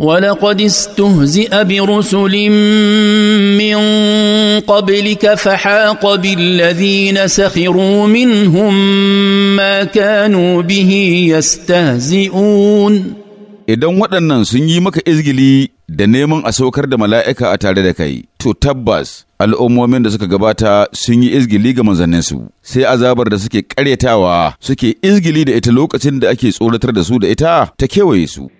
ولقد استهزئ برسل من قبلك فحاق بالذين سخروا منهم ما كانوا به يستهزئون idan waɗannan sun yi maka izgili da neman a saukar da mala'ika a tare da kai, to tabbas al'ummomin da suka gabata sun yi izgili ga manzanninsu, sai azabar da suke ƙaryatawa suke izgili da ita lokacin da ake tsoratar da su da ita ta kewaye su.